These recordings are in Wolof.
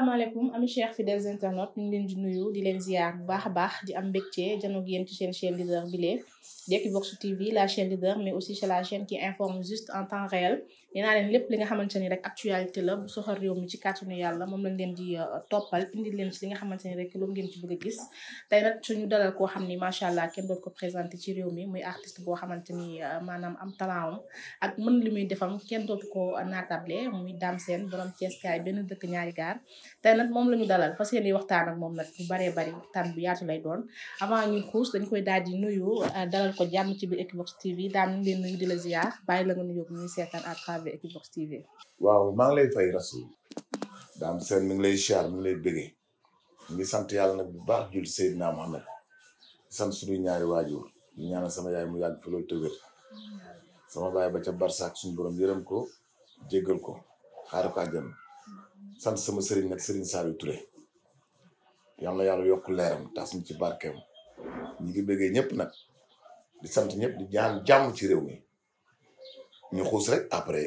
asalaamaaleykum ami cher fidèles internautes leen di nuyu di leen ziar bu baax a baax di am mbégte janoog yéen ci seen chaîne leader bi lee di Equivox TV la chaîne leader mais aussi c'est la chaîne qui informe juste en temps réel nee naa leen lépp li nga xamante ni rek actualité la bu soxal réew mi ci kàttanu yàlla moom lañ leen di euh, toppal indi leen ci li nga rek loolu ngeen ci bëgg a gis tey nag suñu dalal koo xam ni macha allah kenn doon ko présenté ci réew mi muy artiste boo xamante ni euh, maanaam am talent ak mën li muy defam kenn dootu ko naatable muy Dame Sène borom Thiès kaay benn dëkk ñaari gaar tey nag moom la ñu dalal fas yéene waxtaan moom nag bu baree bari waxtaan bu yaatu lay doon avant ñu xuus dañ koy daal di nuyu euh, dalal ko jàmm ci biir TV daam leen nuyu di la ziar bàyyi la nga nuyu ñu seetaan avec waaw maa ngi lay fay Rasoul. daam seen mi lay siyaar mi ngi lay bëggee. mi sant yàlla nag bu baax jul Seydina Mohamed. sant suñu ñaari waajur ñu ñaanal sama yaay mu yàgg fi loolu sama baay ba ca barsaak suñu borom yërëm ko jéggal ko xaar ko àjjana. sant sama sëriñ nag sëriñ Saliou Touré. yal na yàlla yokk leeram tas ñu ci barkeem. ñu ngi bëggee ñëpp nag. di sant ñëpp di ñaan jàmm ci réew mi. ñu xuus rek après.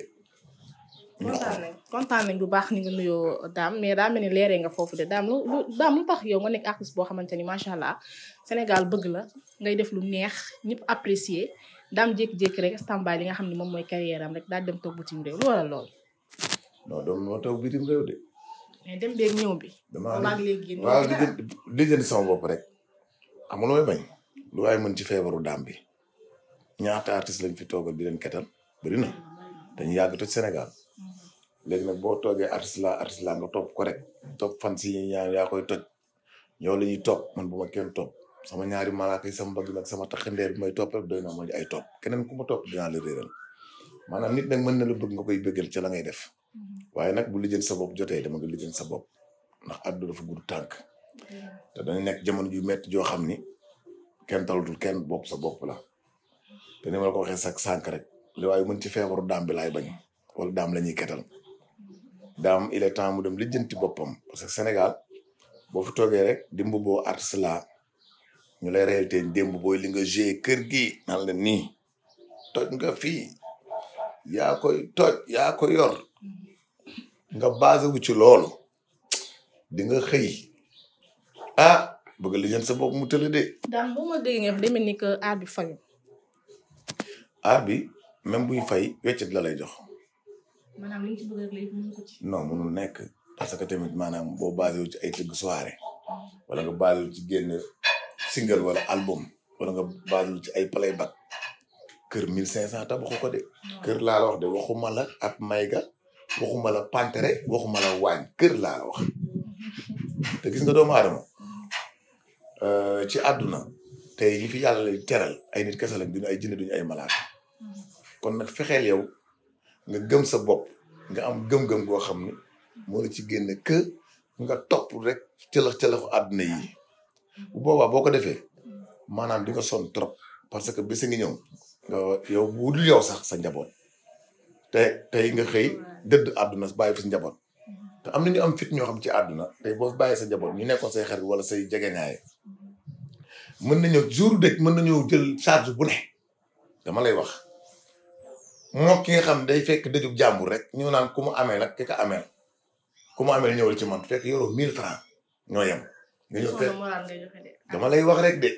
kontaan nañ kontaan nañ baax ni nga nuyo daam mais daa leeree nga foofu de daam lu lu daam lu tax yow nga nekk artiste boo xamante ni macha allah Sénégal bëgg la ngay def lu neex ñëpp apprécier daam rek standby li nga xam ne moom mooy carrière am daal dem toog bitim réew lu waral lool. non doom dem beeg ñëw bi. damaa léegi waaw lijjanti sama bopp rek. xam nga lu bañ. lu waay mën ci feebaru daam bi. ñaata artiste lañ fi toogal bi leen ketal. bëri na dañu yàgg toj Sénégal léegi nag boo toogee artiste la artiste la nga topp ko rek topp fan si ñaan yaa koy toj ñoo la ñuy topp man bu ma kenn topp sama ñaari malaaka yi sama mbagg nag sama taxandeer bi may topp rek doy na ma ay topp keneen ku ma topp dinaa la réeral nit nag mën na la bëgg nga koy bëggal ca la ngay def waaye nag bu lijjën sa bopp jotee dama nga lijjën sa bopp ndax àdduna dafa gudd tànk te dañu nekk jamono ju metti joo xam ni kenn talatul kenn bopp sa bopp la te ni ma la ko waxee rek li waaye mën ci feebaru daam laay bañ wala daam la ñuy ketal daam il est mu dem lijjanti boppam parce que Sénégal boo fi toogee rek dimb boo artiste la ñu lay réalité démb booy li nga joué kër gi nan la nii toj nga fi yaa koy toj yaa ko yor nga basé wu ci loolu di nga xëy ah bëgg li ngeen sa bopp mu tële de. daam bu ma déggee nga demee ni bi. même buy fay weccet la lay jox. maanaam li nekk parce que tamit maanaam boo basé ci ay tëgg wala nga basé wu ci génn single wala album wala nga basé wu ci ay playback kër 1500 tabaxu ko de. kër laa wax de waxuma la ab mayga waxuma la pantere waxuma la waañ kër laa la wax te gis nga doomu aadama euh, ci àdduna te yi fi yàlla lay ay nit kese lañ duñu ay jinne duñu ay malaat kon nag fexeel yow nga gëm sa bopp nga am gëm-gëm goo xam ne moo la ci génne kë nga topp rek cëlax cëlaxu àdduna yi bu boobaa boo ko defee maanaam di nga sonn trop parce que bés ngi ñëw nga yow bu yow sax sa njaboot te tey nga xëy dëdd àdduna su fi sa njaboot te am na ñu am fit ñoo xam ci àdduna tey boo bàyyi sa njaboot ñu nekkoon say xarit wala say jegeñaaye mën nañoo jour dëkk mën nañoo jël charge bu ne dama lay wax moo ki nga xam day fekk dëjub jàmbur rek ñu naan kumu amee nag ki ka ameel ku mu ameel ñëwal ci man fekk yoroo 1000 francs ñoo yem. dama lay wax rek de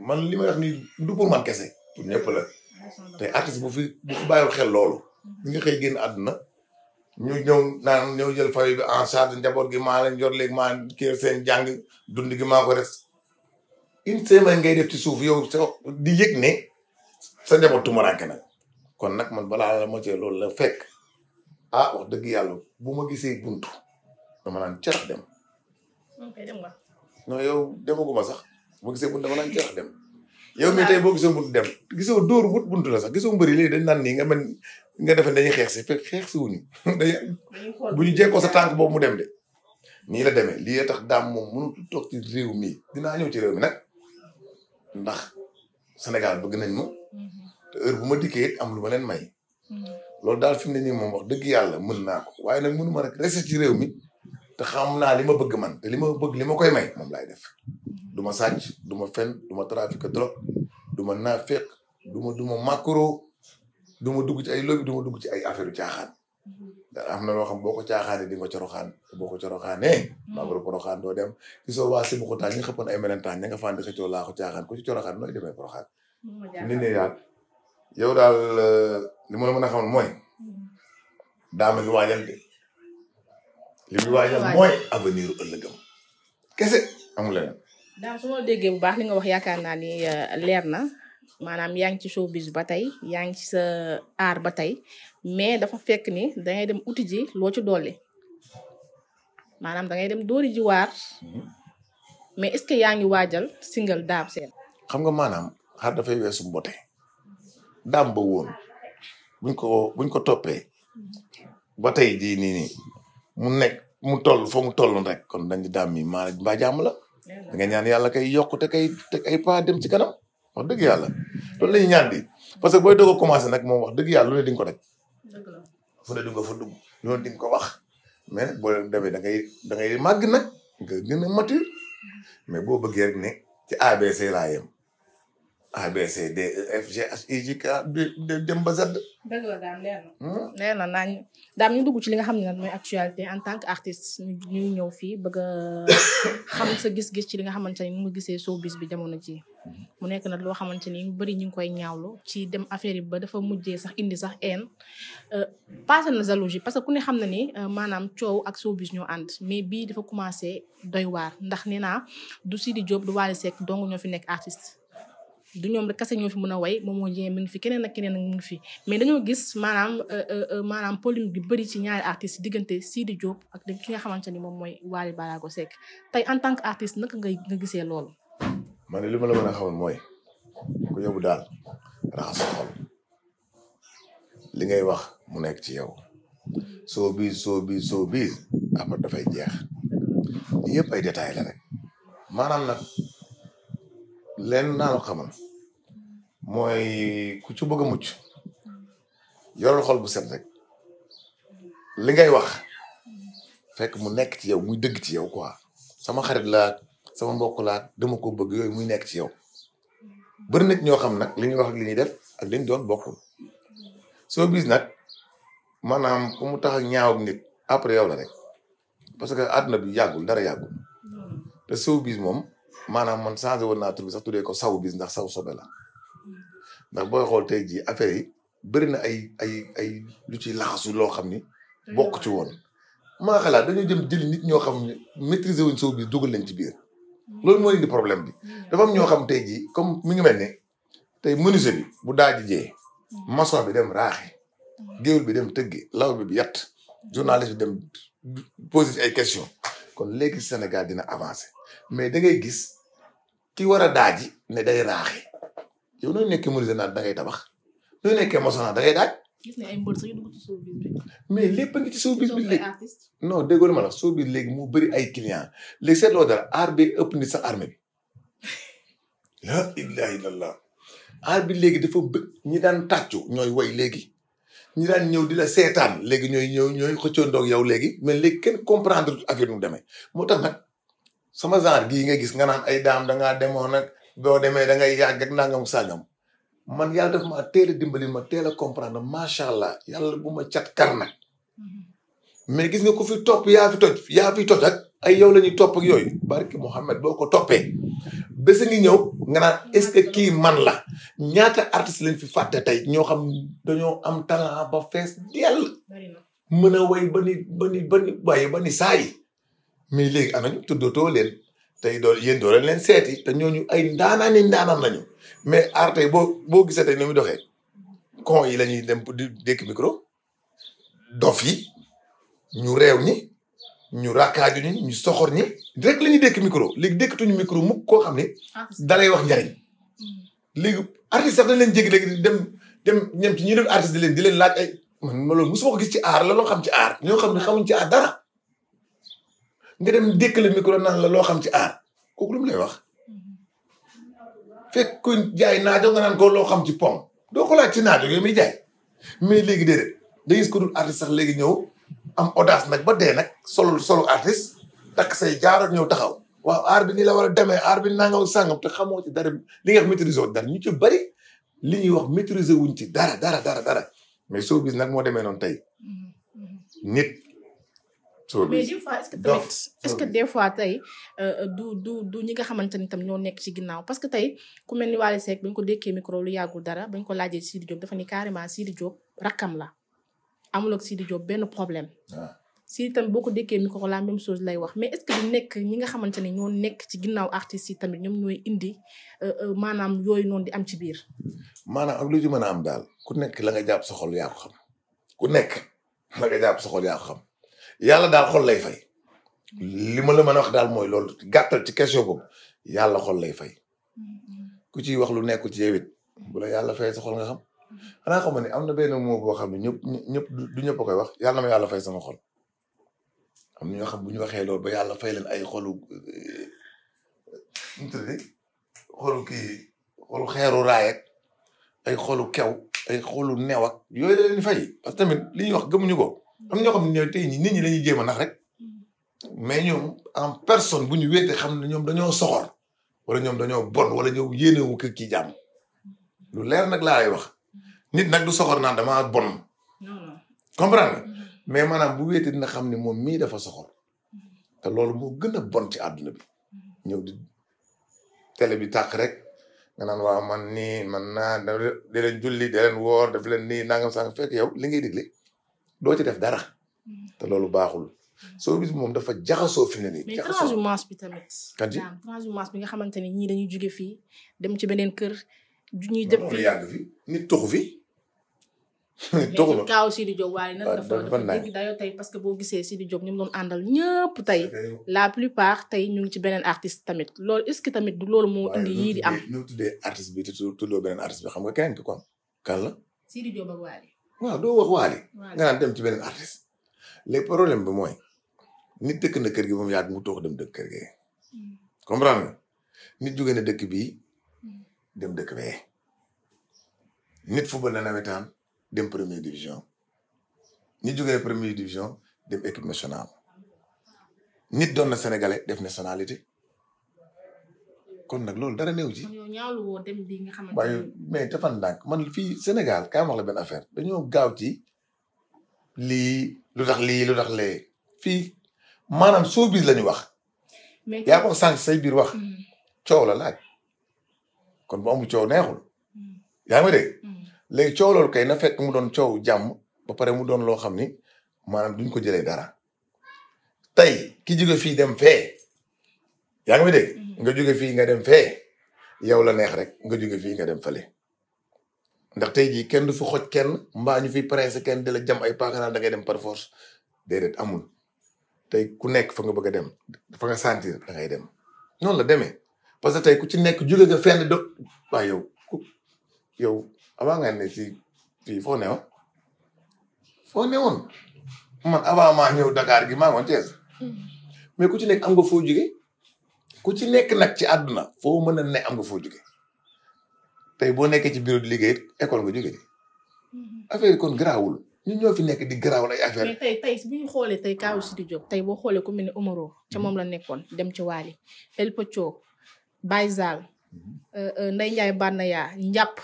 man li may wax nii du pour man kese pour ñëpp la te artiste bu fi bu fi bàyyiwul xel loolu. Mhm. ñu ngi xëy génn àdduna ñu ñëw naan ñëw jël famille bi en charge njaboot gi maa leen yor léegi maa kii seen jàng dund gi maa ko res une semaine ngay def ci suuf yow sa di yëg ne sa njaboot tumuraanke nag kon nag man balaa la ma loolu la fekk ah dëgg yàlla bu ma gisee buntu dama naan cerax dem. ok dem nga. non yow demaguma sax bu ma gisee buntu dama naan cerax dem. yow mi tey boo gisoo buntu dem gisoo dóor wut bunt la sax gisoo mbëri léegi dañ naan nii nga mel nga defe dañuy xeex si fekk xeex si wuñu dañuy bu ñu jekkoo sa tànk boobu mu dem de nii la demee lii tax daam moom toog ci réew mi dinaa ñëw ci réew mi nag ndax Sénégal bëgg nañ ma mhm. te heure bu ma dikkee am lu ma leen may. Hmm. loolu daal fi ne nii moom wax dëgg yàlla mën naa ko waaye nag mënu ma rek rester réew mi te xam naa li ma bëgg man te li ma bëgg li ma koy may moom laay def hmm. du ma sàcc du ma fen du ma trafic drogue du ma naafeq du ma du ma macro du ma ci ay lobby du ma dugg ci ay affaire caaxaan ndax hmm. am na loo xam boo ko caaxaanee di nga coroxaan boo ko coroxaanee magro poroxaan doo dem ci soo waa sibu xutaan ñi xëppoon ay melentaan ni nga fàndi xëccoo laa ko caaxaan ku ci coroxaan nooy demee poroxaan ni yow daal euh, li ma mën a xamal mooy daa waajal de li waajal mooy avenir ëllëgam kese amul leneen. daal su ma déggee bu baax li nga wax yaakaar naa ni euh, leer na maanaam yaa ngi ci showbiz ba tey yaa ngi ci sa aar ba tey mais dafa fekk ni dangay dem uti ji loo ci dolli maanaam dangay dem dóori ji waar mm-hmm. mais est-ce que yaa ngi waajal single Dame Sène. xam nga maanaam xar dafay weesu mbote. daam ba woon buñ ko buñ ko toppee ba tey jii nii nii mu nekk mu toll foo mu tol toll rek kon dañ di daam mi maa mbaa jàmm la da nga ñaan yàlla kay yokkute te kay te ay pas dem ci kanam wax dëgg yàlla loolu la ñuy ñaan di parce que booy doog commencé na moom wax dëgg yàlla lu ne di nga ko def fu ne di nga dugg loolu di nga ko wax mais nag boo demee da ngay da ngay màgg nag nga gën mais boo bëggee rek ne ci ABC laa yem ABC D E F G H I J K dem leer na. Hmm? leer na dugg ci li nga xam ne nag mooy actualité en tant que artiste ñu ñëw fii bëgg a xam sa gis-gis ci li nga xamante ni mu gisee showbiz bi jamono ji mu nekk nag loo xamante ni ñu bëri ñu ngi koy ñaawlu ci dem affaire yi ba dafa mujjee sax indi sax haine euh, passé na jalousie parce que ku ne xam na ni euh, maanaam coow ak showbiz ñoo ànd mais bii dafa commencé doy waar ndax nee naa du Sidi Diop du Wally Seck dong ñoo fi nekk artiste. du ñoom rek kese ñoo fi mun a way moom moo jiyee mu ngi fi keneen ak keneen mu fi mais dañoo gis maanaam euh, euh, euh, maanaam polémique bi bëri ci ñaari artistes diggante Sidi Diop ak ki nga xamante ni moom mooy Wally Ballago Seck tey en tant que artiste naka ngay nga gisee loolu. man li ma la mën a xamal mooy ku yóbbu daal raxas xol li ngay wax mu nekk ci yow soo biis soo biis soo biis dafay jeex yëpp ay détails la rek maanaam nag. leen naa la mooy ku ci bëgg a mucc yoral xol bu set rek li ngay wax fekk mu nekk ci yow muy dëgg ci yow quoi sama xarit la sama mbokk laa dama ko bëgg yooyu muy nekk ci yow bari nit ñoo xam nag li ñuy wax ak li ñuy def ak liñ doon bokkul soo bis nag maanaam ku mu tax ak ñaaw nit après yow la rek parce que àdduna bi yàggul dara yàggul te soo bis moom. maanaam man changé woon naa tur bi sax tuddee ko saw bis ndax saw sobe la ndax booy xool tey jii affaire yi bëri na ay ay ay lu ci laxasu loo xam ni bokk ci woon maa xalaat dañoo jëm jëli nit ñoo xam ne maîtriser wuñ saw bis dugal leen ci biir loolu moo indi problème bi mm. dafa am ñoo xam tey jii comme mi ngi mel ne tey menuisier bi bu daaji jee mm. maçon bi dem raaxi mm. géwél bi dem tëggi law bi bi yàtt journaliste bi dem poser ay question kon léegi Sénégal dina avancer mais da ngay gis ki war a daaji ne day raaxi yow noo nekkee menuisier naan da ngay tabax noo nekkee maçon naan da daaj. mais lépp a ngi ci showbiz bi léegi non déggoo na ma la showbiz mu bëri ay client léegi seetloo dara aar bi ëpp ni sax armée bi. la ilaha illallah aar bi léegi dafa bë ñi daan tàccu ñooy woy léegi ñi daan ñëw di la seetaan léegi ñooy ñooy ñooy doog yow léegi mais léegi kenn comprendre affaire nu mu demee moo tax nag. sama genre gii nga gis nga naan ay daam da demoon nag boo demee dangay ngay yàgg ak nangam sàngam man yàlla def ma teel a dimbali ma teel a comprendre macha allah yàlla bu ma cat kar nag mm-hmm. mais gis nga ko fi topp yaa fi toj yaa fi toj ak ay yow la topp ak yooyu barki Mouhamed boo ko toppee bés ngi ñëw nga naan est ce que kii man la ñaata artiste lañ fi fàtte tey ñoo xam dañoo am talent ba fees dell mën a way ba ni ba ni ba ni waaye ba ni saa mais léegi anañu tuddatoo leen tey doo yéen doo leen leen seeti te ñooñu ay ndaanaan ni ndaanaan lañu mais aar tey boo boo gisee tey ni muy doxee kon yi la ñuy dem di dékk micro dof yi ñu réew ñi ñu rakkaaju ñi ñu soxor ñi rek la ñuy dékk micro léegi dékkatuñu micro mukk koo xam ne dalay wax njariñ hmm. léegi artiste sax dañ leen jéggi léegi dem dem ñem ci ñuy def artiste di leen di leen laaj ay ma loolu mosuma ko gis ci aar la loo xam ci aar ñoo xam ne xamuñ ci aar dara nga dem dékk la micro naan la loo xam ci aar kooku lu mu lay wax. fekk ku jaay naajo nga naan ko loo xam ci pom doo ko laaj ci naajo yooyu muy jaay mais léegi déedéet da gis ko dul artiste sax léegi ñëw am audace nag ba dee nag solo solo artiste takk say jaar ñëw taxaw. waaw aar bi nii la war a demee aar bi nangam sangam te xamoo ci dara li nga wax maîtriser wu dara ñu ci bari li ñuy wax maîtriser wuñ ci dara dara dara dara mais showbiz nag moo demee noonu tey mm-hmm. Mm-hmm. nit. mais des fois est-ce des fois tey euh, du du du ñi nga xamante ni tam ñoo nekk ci ginnaaw parce que tey ku mel ni Wally Seck bañ ko dékkee micro lu yàggul dara bañ ko laajee Sidi Diop dafa ni carrément Sidi Diop rakkam la amul ak Sidi benn problème. Ah. si tamit boo ko dékkee micro la même chose lay wax mais est-ce nekk ñi nga xamante ne ñoo nekk ci ginnaaw artistes yi tamit ñoom ñooy indi euh, euh, maanaam yooyu noonu di am ci biir. maanaam ak lu ci mën a am daal ku nekk la nga jàpp sa xol yaa ku nekk yàlla daal xol lay fay li ma la mën a wax daal mooy lool gàttal ci question boobu yàlla xol lay fay ku ciy wax lu nekk ci yow it bu la yàlla fay sa nga xam xanaa xam ne am na benn boo xam ne ñëpp ñëpp du ñëpp koy wax yàlla yàlla fay sama xol am na ñoo xam bu ñu waxee loolu ba yàlla fay leen ay xolu ñu xeeru raay ay xolu kew ay xolu new ak yooyu da parce que tamit wax gëmuñu ko. am ñoo xam ne tey nit ñi lañuy jéem a nax rek mais ñoom en personne bu ñu wéete xam ne ñoom dañoo soxor wala ñoom dañoo bon wala ñoom yéenewu kër kii jàmm lu leer nag laa lay wax nit nag du soxor naan damaa bon comprendre mais maanaam bu wéete dina xam ni moom mii dafa soxor te loolu moo gën a bon ci àdduna bi ñëw di télé bi tàq rek nga naan waaw man nii man naa da leen julli da leen woor daf leen nii nangam sanga fekk yow li ngay digle doo ci def dara. Mm. te loolu baaxul. showbiz moom dafa jaxasoo fi mu ne nii. jaxasoo mais bi tamit. kan ci transhumance bi nga xamante ni ñii dañuy jóge fii dem ci beneen kër. du ñuy def fii fi nit tuxu fi. toxu ma kaaw Sidi Diop waaye nag ah, dafa dafa boo gisee Sidi Diop ñu doon àndal ñëpp tey la plupart tey ñu ngi ci beneen artiste tamit loolu est-ce que tamit du loolu moo indi yii di am. waaye ñu tuddee artiste bi te tuddoo beneen artiste bi xam nga keneen ki ko la. waaw doo wax waali nga naan dem ci beneen artiste léegi problème bi mooy nit dëkk na kër gi moom yaat mu toog dem dëkk kër gi hmm. comprendre nit jóge na dëkk bi hmm. dem dëkk bee nit football na nawetaan dem première division nit jóge na première division dem équipe nationale nit doon na def nationalité kon nag loolu dara néew ji. kon yow ñaawlu woo dem bi nga xamante waaye mais defal ndànk man fii Sénégal kaay wax la benn affaire dañoo gaaw ci lii lu tax lii lu tax lee fii maanaam showbiz la ñu wax. mais yaa ko sànq say biir wax. Hmm. coow la laaj kon bu amul coow neexul. Hmm. yaa ngi dégg. Hmm. léegi coow loolu kay na fekk mu doon coow jàmm ba pare mu doon loo xam ni maanaam duñ ko jële dara. tey ki jóge fii dem fee. yaa ngi mi mhm. nga jóge fii nga dem fee yow la neex rek nga jóge fii nga dem fale ndax tey jii kenn du fi xoj kenn mbaa ñu fi pressé kenn di la jam ay paaka naan da ngay dem par force déedéet amul tey ku nekk fa nga bëgg a dem fa nga sentir da ngay dem noonu la demee parce que tey ku ci nekk jóge nga fenn do waaw yow ku yow avant nga ne ci fii foo ne woon man avant maa ñëw Dakar gi maa ngoon Thiès mhm. mais ku ci nekk am nga foo jóge ku ci nekk nag ci àdduna foo mën a ne am nga foo jóge tey boo nekkee ci bureau di liggéey école nga jóge mm-hmm. affaire yi kon garaawul ñu ñoo fi nekk di garaawul ay affaire mais tey tey bu xoolee tey kaawu ah. Sidi Diop tey boo xoolee ku mel ne Omaro ca mm-hmm. moom la nekkoon dem ci Waali El Pocho Baye Zall mm-hmm. euh, euh, Ndeye Ndiaye Banaya njàpp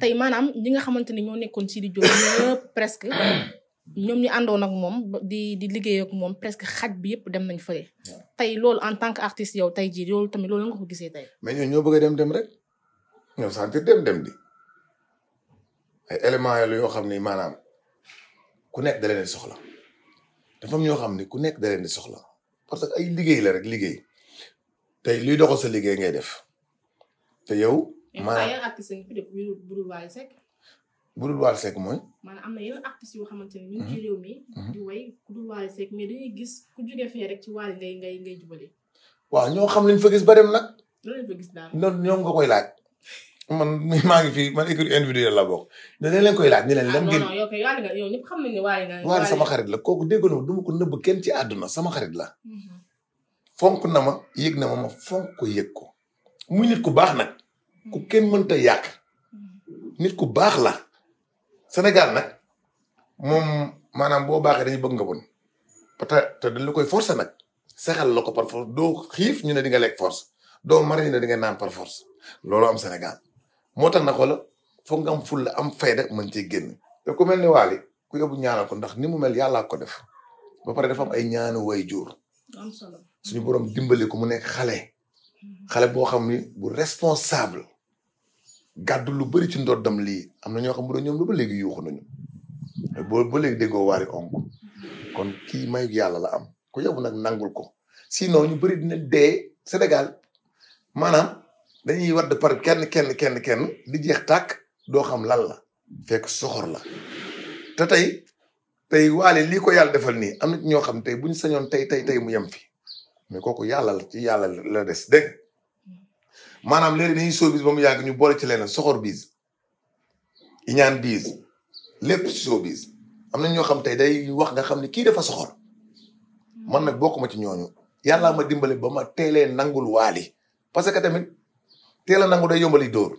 tey maanaam ñi nga xamante ni ñoo nekkoon Sidi di ñëpp presque ñoom ñu àndoon ak moom di di liggéey ak moom presque xaj bi yëpp dem nañ fële. tey loolu en tant que artiste yow tey jii loolu tamit loolu nga ko gisee tey. mais ñoo bëgg a dem dem rek ñoom sentir dem dem di ay éléments la yoo xam ni maanaam ku nekk da leen soxla dafa ñoo xam ni ku nekk da soxla parce que ay liggéey la rek liggéey tey luy doxal sa liggéey ngay def te yow. maanaam bu dul Wally Seck mooy. maanaam am na yeneen artistes yoo xamante ne ñu ngi ci mhm. réew mi. Mhm. di way ku dañuy gis ku jógee fee rek ci Wally ngay ngay jubale. waaw ñoo xam liñ fa gis ba dem nag. gis daal noonu ñoom nga koy laaj. man maa ngi fi man écrit individuel la bokk ne leen koy laaj. ne leen ah, lan ngeen ah non non yow kay Wally nga yow ñëpp xam nañ ne Wally nga. Wally sama xarit la kooku na du ma ko ci àdduna sama xarit la. Mhm. fonk na ma yëg na ma ma fonk ko yëg nit ku baax nag. ku kenn mënta yàq. nit ku baax la Sénégal nag moom maanaam boo baaxee dañu bëgg nga bon peut-être te lu koy forcer nag saxal la ko par force do xiif ñu ne di nga lekk force doo mar ñu ne di nga naan par force loolu am Sénégal moo tax na xoola foog nga am fulla am fayda mën cee génn te ku mel ni Waly ku yóbbu ñaanal ko ndax ni mu mel yàllaa ko def ba pare dafa ay ñaanu way jur suñu borom dimbali ko mu nekk xale xale boo xam ni bu responsable gàddu lu bëri ci ndoddam lii am na ñoo xam ne ñoom lu ba léegi yuuxu nañu ba ba léegi déggoo waari onk kon kii mayu yàlla la am ku yow nag nangul ko sinon ñu bëri dina dee Sénégal maanaam dañuy wadd par kenn kenn kenn kenn di jeex tàkk doo xam lan la fekk soxor la te tey tey waale lii ko yàlla defal nii am na ñoo xam tey bu ñu sañoon tey tey tey mu yem fi mais kooku yàlla la ci yàlla la des dégg maanaam léegi dañuy showbiz ba mu yàgg ñu boole ci leneen soxor biz iñaan biz lépp showbiz am na ñoo xam tey day wax nga xam ne kii dafa soxor man nag bokkuma ci ñooñu yàllaa ma dimbale ba ma teelee nangul waali parce que tamit teel a nangu day yombali dóor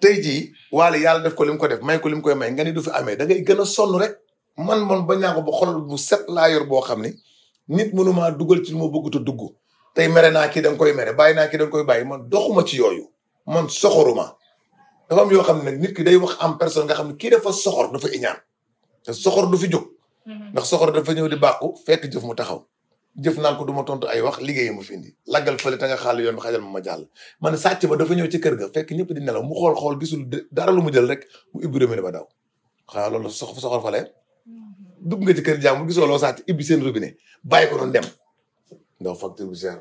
tey jii waali yàlla def ko li mu ko def may ko li mu koy may nga ni du fi amee da ngay gën a sonn rek man man ba ñaa ko ba xol bu set laa boo xam ne nit mënumaa dugal ci lu ma bëggut a dugg tey mere naa kii da koy mere bàyyi naa kii da koy bàyyi man doxuma ci yooyu man soxoruma dafa am yoo xam ne nit ki day wax am personne nga xam ne kii dafa soxor dafa iñaan te soxor fi jóg mhm. ndax soxor dafa ñëw di bàqu fekk jëf mu taxaw jëf naan ko du tontu ay wax liggéey ma fi indi laggal fële te nga xaal yoon bi xajal ma ma jàll sàcc ba dafa ñëw ci kër ga fekk ñëpp di nelaw mu xool xool gisul dara lu mu jël rek mu ibbi robinet ba daw xanaa loolu soxor fale mhm. dugg nga ci kër jàmm gisoo loo sàcc ibbi seen robinet bàyyi ko noonu dem ndaw facture bu cher.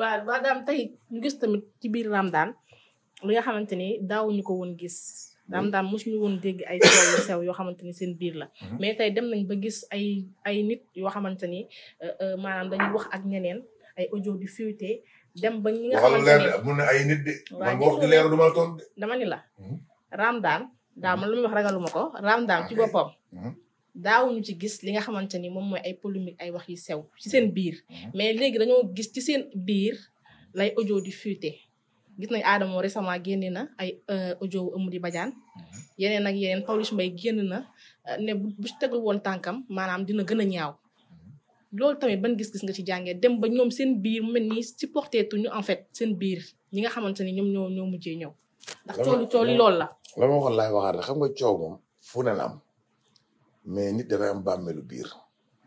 waaw maanaam tey ñu gis tamit ci biir Ramadan lu nga xamante ni daawuñu ko woon gis. Ramadan mosuñu woon dégg ay coow yu sew yoo xamante ni seen biir la. Mhm. mais tey dem nañ ba gis ay ay nit yoo xamante ni euh, euh, maanaam dañuy wax ak ñeneen ay audio di fuité dem ba ñi nga xamante ni nit de. ma tontu de. dama ni la mhm. Ramadan daa man lu ragaluma ko Ramadan daawuñu ci gis li nga xamante ni moom mooy ay polémique ay wax yu sew ci seen mm-hmm. biir mm-hmm. mais léegi dañoo gis ci seen biir lay audio di fuité gis nañ Adamo récemment génne na ay euh, audio wu Amady Badiane mm-hmm. yeneen ak yeneen Pawlish Mbaye génn na euh, ne bu ci woon tànkam maanaam dina gën a ñaaw loolu tamit ban gis-gis nga ci jàngee dem ba ñoom seen biir mel ni supporté tuñu en fait seen biir ñi nga xamante ni ñoom ñoo ñoo mujjee ñëw ndax coolu cooli loolu la la ma waxoon laay waxaat xam nga coow moom fu ne la am mais nit dafay am bàmmeelu biir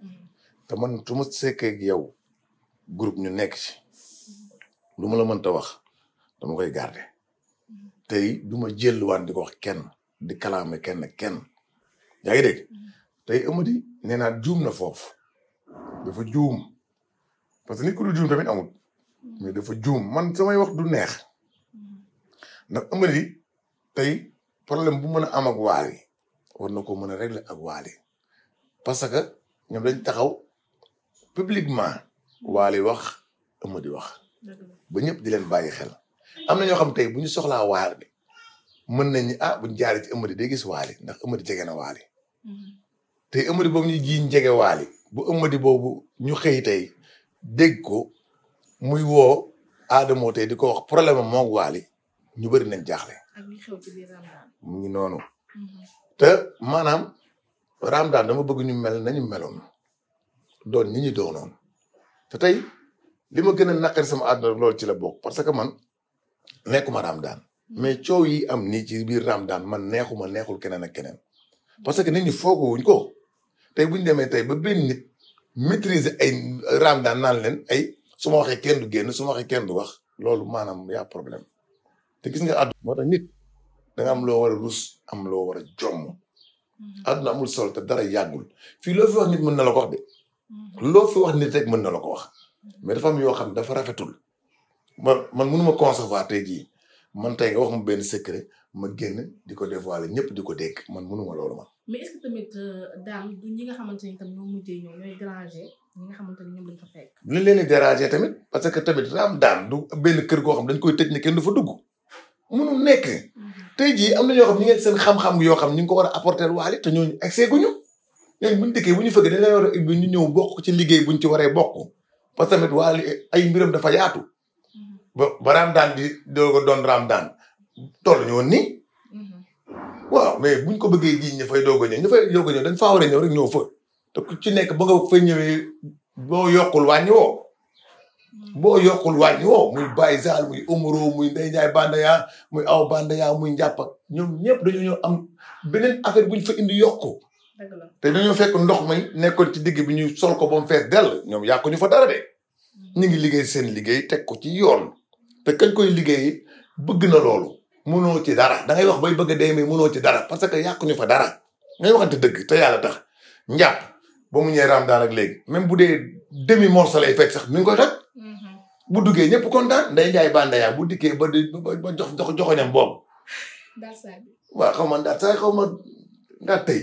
mm-hmm. te man su ma sekkee ak yow groupe ñu nekk ci lu ma la mënta wax dama koy garder mm-hmm. tey duma ma jëlluwaan di ko wax kenn di kalaame kenn kenn yaa ngi dégg mm-hmm. tey Amady nee juum na foofu dafa juum parce que nit ku dul juum tamit amul mais dafa juum man samay wax du neex ndax amadi tey problème bu mën a am ak war na ko mën a régler ak waale parce que ñoom dañ taxaw publiquement waale wax ëma di wax ba ñëpp di leen bàyyi xel am na ñoo xam tey bu ñu soxla waar bi mën nañ ah buñ jaaree ci ëmadi day gis waali ndax ëmadi jege na waali te ëmadi boobu ñuy jiiñ bu ëmadi boobu ñu xëy tey dégg ko muy woo aadamoo tey di ko wax problème am moog waali ñu bëri nañ jaaxle mu ngi noonu mhm. te maanaam Ramadane dama bëgg ñu mel nañu meloon doon ñi ñu doonoon te tey li ma gën a naqari sama àdduna loolu ci la bokk parce que man nekkuma Ramadane mais coow yi am nii ci biir daan man neexuma neexul keneen ak keneen parce que nit ñi foogu ko tey bu ñu demee tey ba benn nit maîtriser ay Ramadane naan leen ay su ma waxee kenn du génn suma ma waxee kenn du wax loolu maanaam yaa problème te gis nga àdduna moo tax nit da am loo war a rus am loo war a jomm. Mm-hmm. àdduna amul solo te dara yàggul fii loo fi wax mën na la ko mm-hmm. loo fi wax nit rek mën na la wax. mais dafa am yoo xam dafa rafetul. man man mënu ma conserver tey man tey nga wax ma benn secret ma génn di ko dévoiler ñëpp di ko dégg man mënu ma loolu man. mais est tamit euh, daam du ñi nga xamante ni tam ñoo mujjee ñoom ñooy déranger ñi nga leen di déranger tamit parce que tamit daam daam du benn kër goo xam dañ koy tëj ne kenn du fa dugg. mënul nekk tey jii am na ñoo xam ñu ngi seen xam-xam yoo xam ñu ngi ko war a apporter waale te ñooñu accès guñu ñooñu buñu bu ñu fëgg dañ lay war a ubbi ñu ñëw bokk ci liggéey buñ ci waree bokk parce que tamit waale ay mbiram dafa yaatu ba ba raam daan di dooga doon raam daan toll ñu ni nii waaw mais ñu ko bëggee ji ñu fay doog a ñëw ñu fay doog ñëw dañ faa war a ñëw rek ñëw fa te ku ci nekk ba nga fa ñëwee boo yokkul wàññi woo boo yokkul wàññi woo muy Baye Sall muy Omaro muy Ndeye Ndiaye Bandaya muy Aw Bandaya muy Njàpp ak ñoom ñëpp dañuy ñëw am beneen affaire bu ñu fa indi yokk te dañoo fekk ndox may nekkoon ci digg bi ñu sol ko ba mu fees dell ñoom yàqu fa dara de. Mm. ñu ngi liggéey seen liggéey teg ko ci yoon. te kañ koy liggéey bëgg na loolu. mënoo ci dara da wax bay bëgg a dee mais mënoo ci dara parce que yàqu fa dara ngay waxante dëgg te yàlla tax njàpp. ba mu ñëwee daan ak léegi même bu dee demi morceau lay fekk sax mi ngi koy toj. Mhm. bu duggee ñëpp kon kontaan nday njaay bandaya bu dikkee ba ba jox jox joxoñam boobu. waaw xaw ma ndaat saay xaw ma tey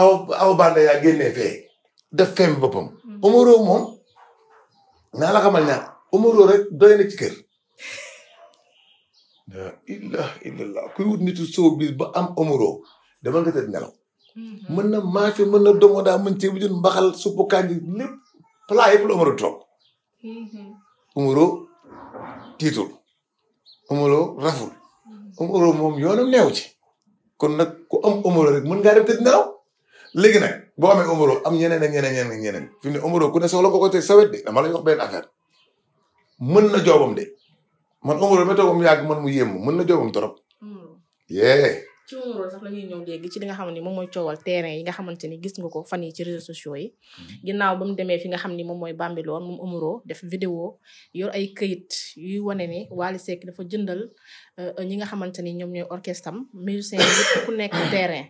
aw aw bandaya génnee fee. def feem boppam. Omaro mhm. moom naa la xamal ne Omaro rek doy na ci kër. la ilaha illallah kuy wut nitu soo biir ba am Omaro dama nga tëdd nelaw. Mm-hmm. mën na maafe mën na domo daal mën ceebu jën mbaxal suppu kànji lépp plat yëpp la Umaro toog Umaro mm-hmm. tiitul Umaro raful Umaro mm-hmm. moom yoonam neew ci kon nag ku am Umaro rek mën ngaa dem tëdd nelaw léegi nag boo amee Umaro am ñeneen ak ñeneen ñeneen ñeneen fi mu ne ku ne soxla ko ko sawet de dama lay wax benn affaire mën na joobam de man Umaro ma toogam yàgg man mu yéem mën na joobam trop mm. yee ci wóorul sax ci li nga xam ne moom mooy coowal terrain yi nga xamante ni gis nga ko fan yi ci réseaux sociaux yi. Mhm. ginnaaw ba mu demee fi nga xam ni moom mooy Bambilor moom Omaro def vidéo yor ay kayit yuy wane ne Wally Seck dafa jëndal euh, ñi nga xamante ni ñoom ñooy orchestre am musicien yi ku nekk terrain.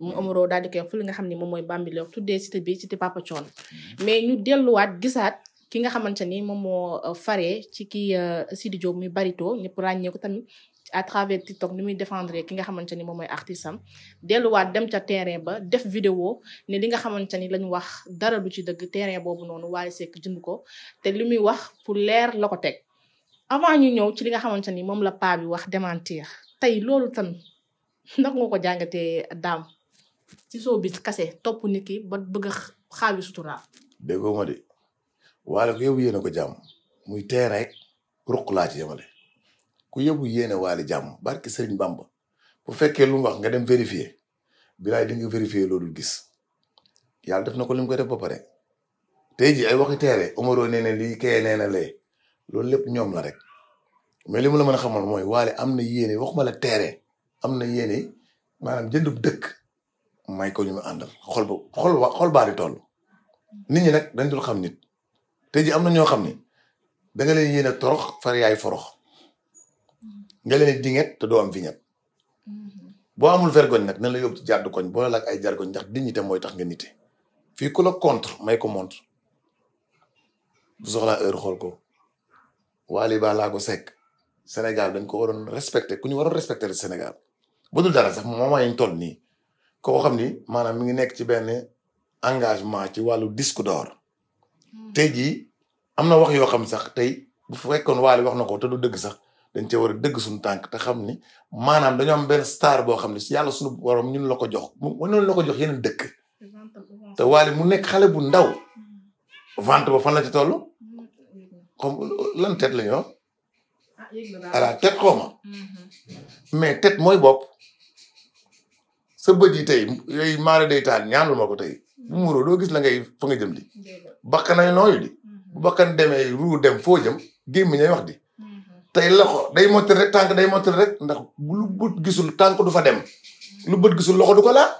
mu mhm. Omaro daal di li nga xam ni moom mooy Bambilor tuddee cité bi cité Papa Thione mhm. mais ñu delluwaat gisaat. ki nga xamante ni moom moo euh, faree ci kii euh, Sidi Diop mi barito ñëpp ràññee ko tamit à travers TikTok ni muy défendre ki nga xamante ni moom mooy artiste am delluwaat dem ca terrain ba def vidéo ne li nga xamante ni lañu wax dara du ci dëgg terrain boobu noonu Wally sekk jënd ko te li muy wax pour leer la ko teg avant ñu ñëw ci li nga xamante ni moom la paa bi wax démentir tey loolu tan ndax nga ko jàngatee daam ci soobis bis kase topp nit ki ba bëgga a xaawi suturaal. déggoo ma de waale ko yow yéen ko jàmm muy tee rek ruq laa ci yemale ku yóbbu yéene waali jàmm barki Serigne Bamba bu fekkee lu mu wax nga dem vérifier bilaay di nga loolu gis yàlla def na ko li mu koy def ba pare. tey jii ay waxi teere Omaro nee na li kee nee na lee loolu lépp ñoom la rek me li mu la mën a xamal mooy waale am na yéene waxuma la teere am na yéene maanaam jëndub dëkk may ko ñu mu àndal xol ba xol wa nit ñi nag dañ dul xam nit tey jii am na ñoo xam ni da nga leen yéene torox far yaay forox. nga leen di te doo am vignette mm-hmm. boo amul vergogne nag nan la yóbbu ci jàddu koñ boo la ak ay jargoñ ndax dignité mooy tax nga nite fii ku contre may ko montre bu soxlaa heure xool ko waali baa laa ko sekk Sénégal dañ ko waroon respecté ku ñu waroon respecté Sénégal bu dul dara sax moment yi ñu toll nii koo xam ni maanaam mi ngi nekk ci benn engagement ci wàllu disque door mm-hmm. te jii am na wax yoo xam sax tey bu fekkoon waali wax na ko te du dëgg sax dañ cee war a dëgg suñu tànk te xam ni maanaam dañoo am benn star boo xam ne si yàlla suñu borom ñun la ko jox mu ñun la ko jox yeneen dëkk. te mu nekk xale bu ndaw. vente ba fan la ci toll. comme lan tet la ñu tet xaw mais tet mooy bopp. sa bët tey yooyu maara day taal ñaanul ma ko tey. bu muuroo doo gis la ngay fa nga jëm di. bakkanay nooyu di. bu bakkan demee ruu dem foo jëm gémmiñ ñay wax di. tey loxo day mottali rek tànk day mottali rek ndax lu bët gisul tànk du fa dem lu bët gisul loxo du ko laal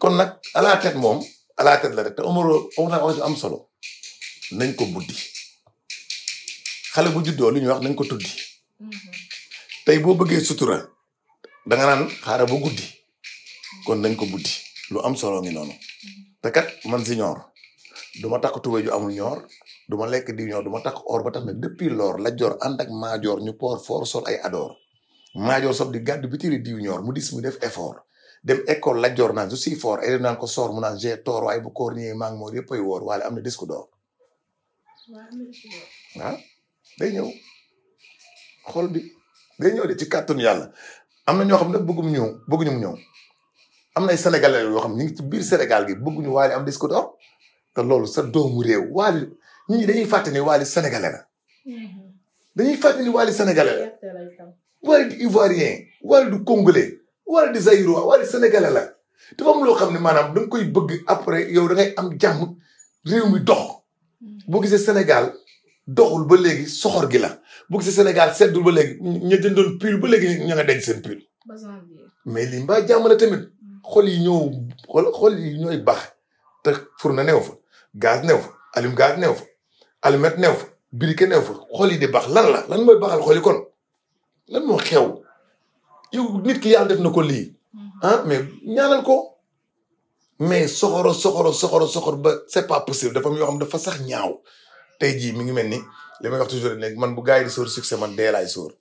kon nag à la tête moom à la tête la rek te amaro omna am solo nañ ko buddi xale bu juddoo lu ñuy wax nañ ko tuddi mm-hmm. tey boo bëggee sutura danga naan xaaral ba guddi kon nañ ko buddi lu am solo ngi noonu mm-hmm. te kat man si ñoor duma takk tubéy ju amul ñoor duma lekk diw du ma takk or ba tax na depuis lors la joor ànd ak maajoor ñu poor foor sol ay adoor maajoor sob di gàdd bitiri diw ñoor mu dis mu def effort dem école la joor naan je suis fort élève naan ko soor mu naan j'ai tort waaye bu yëpp ay woor waale am na disque d'or waaw ah, day ñëw xool ci kàttanu yàlla am na ñoo xam ne bëggum ñëw bëgguñu mu ñëw am na ay sénégalais yoo xam ñu ngi ci biir Sénégal gi bëgguñu waale am disque d'or te loolu sa doomu réew waale ñii dañuy fàtte ne Wally sénégalais la dañuy fàtte ne Wally sénégalais du ivoirien Wally du congolais Wally du zaïrois Wally sénégalais la dafa am loo xam ne maanaam da koy bëgg après yow da am jàmm réew mi dox boo gisee senegal doxul ba léegi soxor gi la boo gisee Sénégal seddul ba léegi ña jëndoon pull ba léegi ña nga denc seen pull mais lii mbaa jàmm tamit xol yi ñoo xol xol yi ñooy baax te fur na new fa gaz new fa alum gaz new fa allumet new fa briquet new fa xol yi di baax lan la lan mooy baaxal xol kon lan moo xew yow nit ki yàlla def na ko lii mhm. ah mais ñaanal ko mais soxoro soxoro soxoro soxor ba c'est pas possible dafa am yoo dafa sax ñaaw tey jii mi ngi mel ni li may wax toujours ne man bu gars yi di sóor succès man dee laay sóor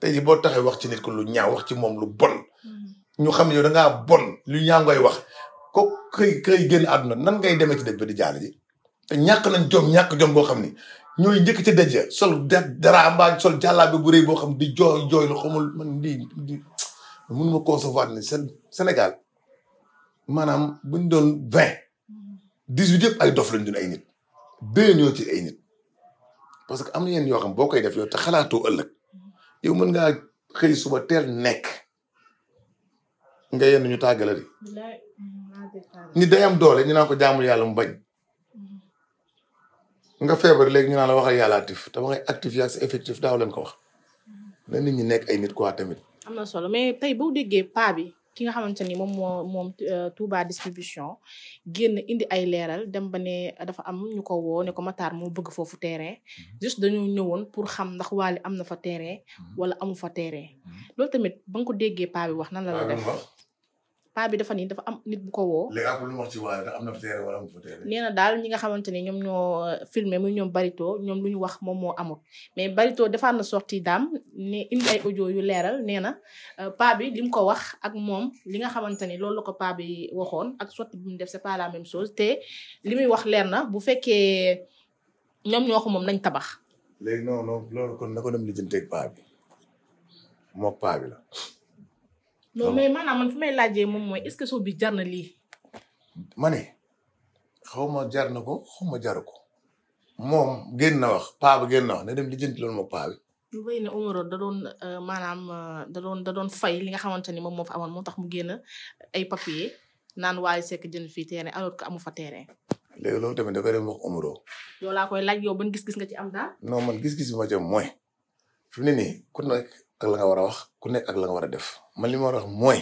tey jii boo taxe wax ci nit ko lu ñaaw wax ci moom lu bon mhm. ñu xam ne yow da ngaa bon lu ñaaw ngay wax ko këy këy génn àdduna nan ngay demee ti dëj ba di jaale ji te ñàkk nañ jom ñàkk jom boo xam ni ñooy njëkk ca daje sol dara am baa sol jàllaabe bu rëy boo xam di jooy jooy lu xamul man lii di mun ma concevoir ni seen Sénégal maanaam buñ doon vin dix huit yëpp ay dof lañ doon ay nit deux ñoo ci ay parce que am na yenn yoo xam boo koy def yoo te xalaatoo ëllëg yow mën ngaa xëy suba teel nekk nga yenn ñu tàggala di mm, nit day am doole ñu naa ko jaamul yàlla mu bañ nga feebar léegi ñu naan la waxal yàlla actif te ba ngay actif yaa sa effectif daaw wax na nit ñi nekk ay nit quoi tamit. am na solo mais tey boo déggee paa bi ki nga xamante ni moom moo moom euh, Touba distribution génn indi ay leeral dem ba ne dafa am ñu ko woo ne ko taar moo bëgg foofu terrain mm-hmm. juste dañu woon pour xam ndax Wally am na fa terrain mm-hmm. wala amu fa terrain mm-hmm. loolu tamit ba ko déggee paa bi wax nan la la paa bi dafa nii dafa am nit bu ko woo. léegi na daal ñi nga xamante ne ñoom ñoo euh, filmé muy ñoom Barito ñoom lu ñu wax moom moo amul mais Barito defaan na sorti daam ne indi ay audio yu leeral nee na euh, paa bi li ko wax ak moom li nga xamante ni loolu la ko paa bi waxoon ak sorti bi mu def c'est pas te li muy wax leer na bu fekkee ñoom ñoo ko moom nañ tabax. léegi kon na ko dem lijjanteeg paa bi moog paa bi la. non mais maanaam man fi may laajee moom mooy est-ce que soo bi jar na lii. ma ne xaw jar na ko xaw ma jaru ko moom génn na wax paa bi génn na wax ne dem lijjanti loolu moom paa bi. ne Omaro da euh, maanaam euh, da doon da doon fay li nga xamante ni moom moo fa amoon moo tax mu génn ay papier naan waaye sekk jënd fii terrain alors que amu fa terrain. léegi loolu tamit da koy dem wax Omaro. yow laa koy laaj yow ban gis-gis nga ci am daal. non man gis-gis bi ma mooy fi mu ne nii ku nekk ak la war a wax ku nekk ak la nga war a def. man li ma wax mooy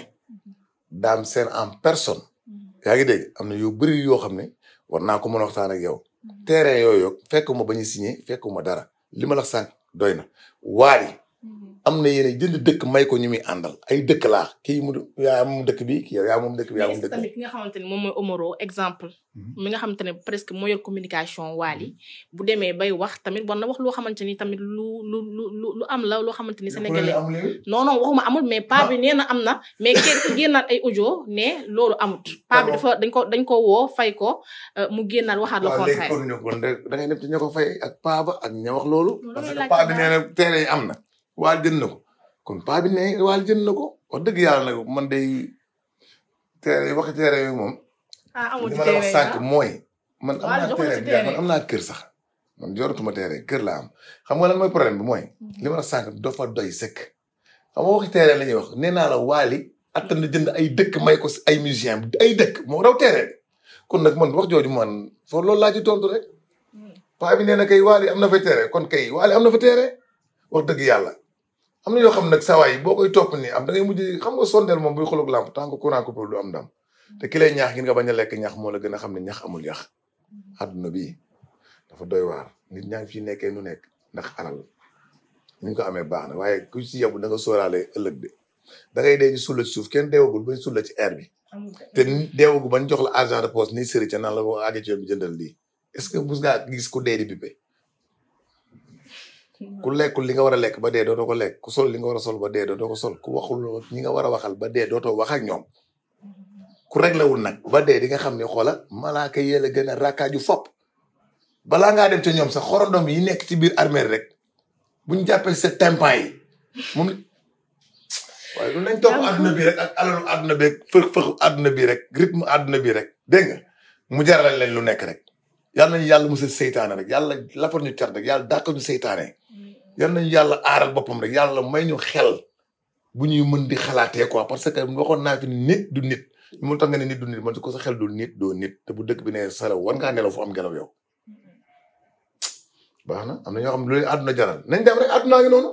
daam seen en personne. Mm-hmm. yaa ngi dégg am na yu bëri yoo xam ne war naa ko mën a waxtaan ak yow. Mm-hmm. terrain yooyu fekk ma ba ñu signé fekk dara li ma la sànq doy na waali am na yéen jënd dëkk may ko ñu muy àndal ay dëkk laa kii mu yaa moom dëkk bi kii yaa moom dëkk bi yaa moom dëkk bi. ki nga xamante ne moom mooy Omaro exemple. Mhm. mi nga xamante ne presque moo yor communication waali bu demee bay wax tamit war na wax loo xamante ni tamit lu lu lu lu am la loo xamante ni sénégalais. non non waxuma amul mais pa bi ah. am na. mais kenn génnaat ay audio ne loolu amut. pa bi ah. dañ ko dañ ko woo fay ko euh, mu génnaat waxaat la contraire. waaw léegi kon ak pa ba loolu. parce que yi am na waal jënd na ko kon paa bi ne waal jënd na ko wax dëgg yàlla nag man day teere waxi teere yooyu moom. ah wax sànq ah. mooy. man am naa am naa kër sax. man joratuma teere kër laa xam nga lan mooy problème bi mooy. Mhm. li ma la sànq dafa doy sëkk. xam nga teere la ñuy wax nee naa la waali attan na jënd ay dëkk may ko ay musicien ay dëkk moo raw teere kon nag man wax jooju man lool loolu laa ci tontu rek. Hmm. paa bi nee na kay waali am na fa teere kon kay waali am na fa teere o dëgg yàlla. am na yoo xam nag sawaay boo koy topp nii am da ngay mujj xam nga sondeel moom buy xulug làmp tant que courant coupé du am ndam mm-hmm. te ki ñaax ngir nga bañ a lekk ñax moo la gën a xam ne ñax amul yax mm-hmm. àdduna bii dafa doy waar nit ñaa ngi fi nekkee nu nekk ndax alal ñu ngi ko amee baax na waaye ku ci yebu da nga sóoraale ëllëg de da ngay dee ñu suul la ci suuf kenn deewagul bañ suul la ci air bi te deewagul bañ jox la argent de poche ni sëri naa la ko aajo ci yoon bi jëndal lii est ce que bus ngaa gis ku dee di ku lekkul li nga war a lekk ba dee dootoo ko lekk ku sol li nga war a sol ba dee dootoo ko sol ku waxul ñi nga war a waxal ba dee dootoo wax ak ñoom ku reglewul nag ba dee di nga xam ne xoola malaaka yéela gën a rakkaaju fop balaa ngaa dem ca ñoom sax doom yi nekk ci biir armeel rek bu jàppee sa tympan yi mun waaye lu nañ topp àdduna bi bi rek fëx fëxu àdduna bi rek rythme àdduna mu leen lu nekk rek yàlla nañu yàlla musal seytaane rek yàlla lafar ñu car rek yàlla dàqal ñu seytaane yal nañu yàlla aaral boppam rek yàlla may ñu xel bu ñu mën di xalaatee quoi parce que waxoon naa fi nit du nit mu tax nga ne nit du nit man ko sa xel du nit doo nit te bu dëkk bi ne salaw war ngaa nelaw fu am ngelaw yow. baax na am na ñoo xam ne loolu àdduna jaral nañ dem rek àdduna ngi noonu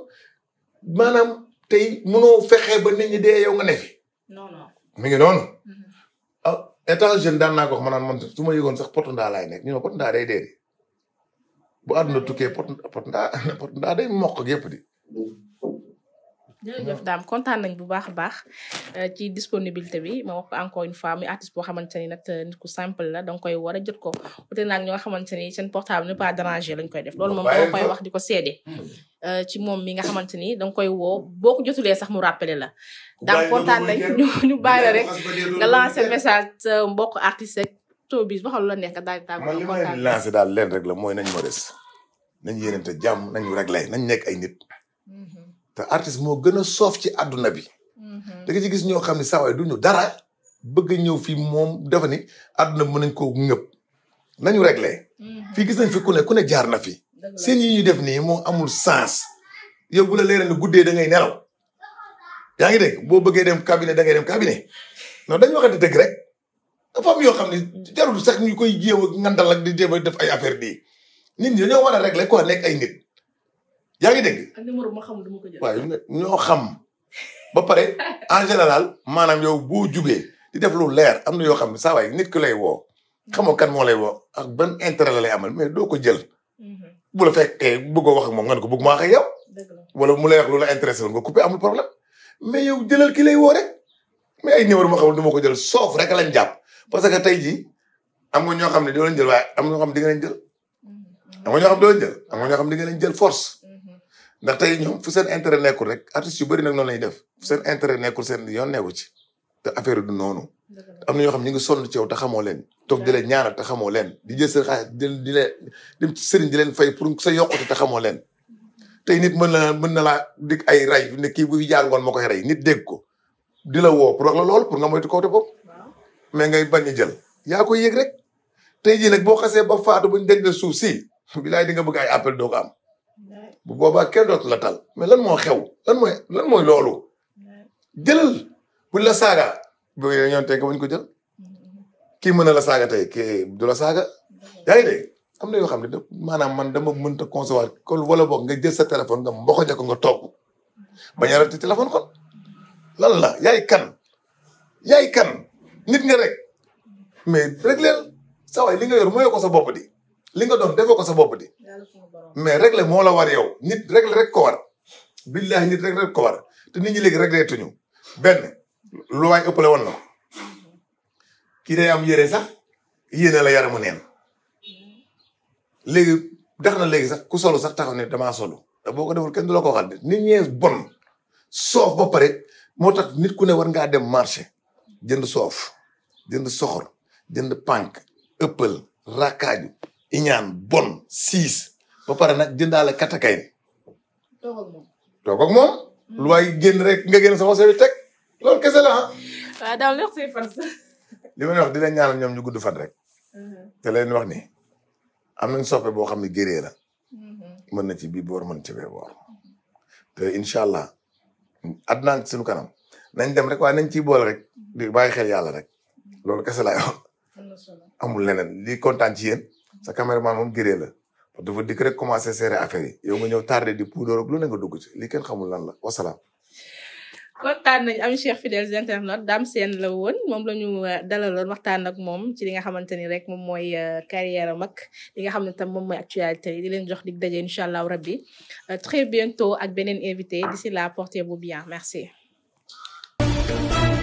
maanaam tey mënoo fexe ba nit ñi dee yow nga ne fi. mi ngi noonu. Mm-hmm. ah état jeune daan naa ko wax ma naan man su ma yëgoon sax pot ndaa laay nekk ñu ne potu ndaa bu àdduna tukkee pot pot ndaa pot ndaa day mokk yëpp di. jërëjëf daam kontaan nañ bu baax a baax euh, ci disponibilité bi ma wax ko encore une fois muy artiste boo xamante ni nag euh, nit ku simple la danga koy war a jot ko ute naag ñoo xamante ni seen portable ne pas déranger lañ koy def loolu moom dama koy wax di ko euh, ci moom mi nga xamante ni danga koy woo boo ko jotulee sax mu rappelé la daam kontaan nañ ñu ñu rek nga lancé message mbokk artiste showbiz waxal la neex nga daal di tàggu. man li ma leen daal leen rek la mooy nañ ma des nañ yéeneente jàmm nañu réglé nañ nekk ay nit. Mhm. te artiste moo gën a soof ci àdduna bi. Mhm. da nga ci gis ñoo xam ne saa waay duñu dara bëgg ñëw fi moom dafa ni àdduna bi mën nañ koo ngëb nañu réglé. Mhm. fii gis nañ fi ku ne ku ne jaar na fi. seen yi ñuy def nii moom amul sens. yow bu la leeral ne guddee da ngay nelaw yaa ngi boo bëggee dem cabinet da ngay dem cabinet non dañu waxante dëgg rek. dafa am yoo xam ne jarul sax ñu koy jéew ak ngandal ak di jéem a def ay affaire di nit ñi dañoo war a régler quoi nekk ay nit yaa ngi dégg. ak numéro ma xam du ma ko jël. waaw ñoo xam ba pare en général maanaam yow boo jubee di def lu leer am na yoo xam ne saa waay nit ki lay woo. xamoo kan moo lay woo ak ban intérêt la lay amal mais doo ko jël. Mhm. bu la fekkee bëggoo wax moom nga ne ko bëgg maa wax yow. wala mu lay wax lu la intéressé woon nga coupé amul problème. mais yow jëlal ki lay woo rek mais ay numéro ma xamul du ma ko jël soof rek lañ jàpp. parce que tey jii am nga ñoo xam ne doo leen jël waaye am nga ñoo xam di nga leen jël. Mm-hmm. am nga ñoo xam doo leen am nga ñoo xam di nga leen jël force. Mm-hmm. ndax tey ñoom fu seen intérêt nekkul rek artistes yu bëri nag noonu lay def fu seen intérêt nekkul seen yoon nekku ci. affaire du noonu. am na ñoo xam ñu ngi sonn ci yow te xamoo leen. toog di leen ñaanal te leen di jël seen xaalis di di leen dem di leen fay pour sa yokkute te xamoo leen. Mm-hmm. tey nit mën na mën na laa dikk ay ray ne kii bu fi jàngoon moo koy rey nit dégg ko di la woo pour wax la lool pour nga moytu kawte bopp mais ngay bañ a jël yaa koy yëg rek te jii nag boo xasee ba faatu buñ denc la suuf si bilaay di nga bëgg ay appel doo am bu boobaa kenn dootu la tal mais lan moo xew lan mooy mooy loolu jëlal buñ la saaga bu ñoon te nga bañ ko jël kii mën na la saaga tey kii du la saaga yaa ngi am na yoo xam ne da maanaam man mën mënta concevoir kon wala boog nga jël sa téléphone nga mboxoña ko nga toog bañ a téléphone kon lan la yaay kan yaay kan nit nga rek mais régleel sa waay li nga yor mooyoo ko sa bopp di li nga doon defoo ko sa bopp di mais réglé moo la war yow nit réglé rek ko war billahi nit réglé rek ko war te nit ñi léegi réglé tuñu benn lu waay ëppale woon na ko kii day am yére sax yéene la yaramu neen léegi dex na léegi sax ku solo sax taxaw ne damaa solo te boo ko deful kenn du la ko waxal nit ñee bon soof ba pare moo tax nit ku ne war ngaa dem marché jënd soof jënd soxor jënd pànk ëppal rakkaaju iñaan bon siis ba pare nag jëndaale katakay toog ak moom toog ak moom hmm. rek nga génn sa xose bi teg loolu kese ah. daal lex say fan li ma wax di leen ñaanal ñoom ñu gudd fan rek hmm. te leen wax ni am nañ soppe boo xam ne géree la hmm. mën na ci bii boor mën ci bee boor te incha allah adnaan ci suñu kanam nañ dem rek waaye nañ ci boole rek di bàyyi xel yàlla rek mm-hmm. loolu kese laay wax amul leneen li kontaan ci yéen mm-hmm. sa caméraman moom gëree la dafa dikk rek commencé serré affaire yi yow nga ñëw tardé di puudar ak lu ne nga dugg ci li kenn xamul lan la wasalaam. kontaan nañu am chers fidèles internautes daam seen la woon moom la ñu dala euh, dalaloon waxtaan ak moom ci li nga xamante ni rek moom mooy euh, carrière mag li nga xam ne tam moom mooy actualité di leen jox dig daje incha allah rabbi euh, très bientôt ak beneen invité d'ici là portez-vous bien merci. Thank you.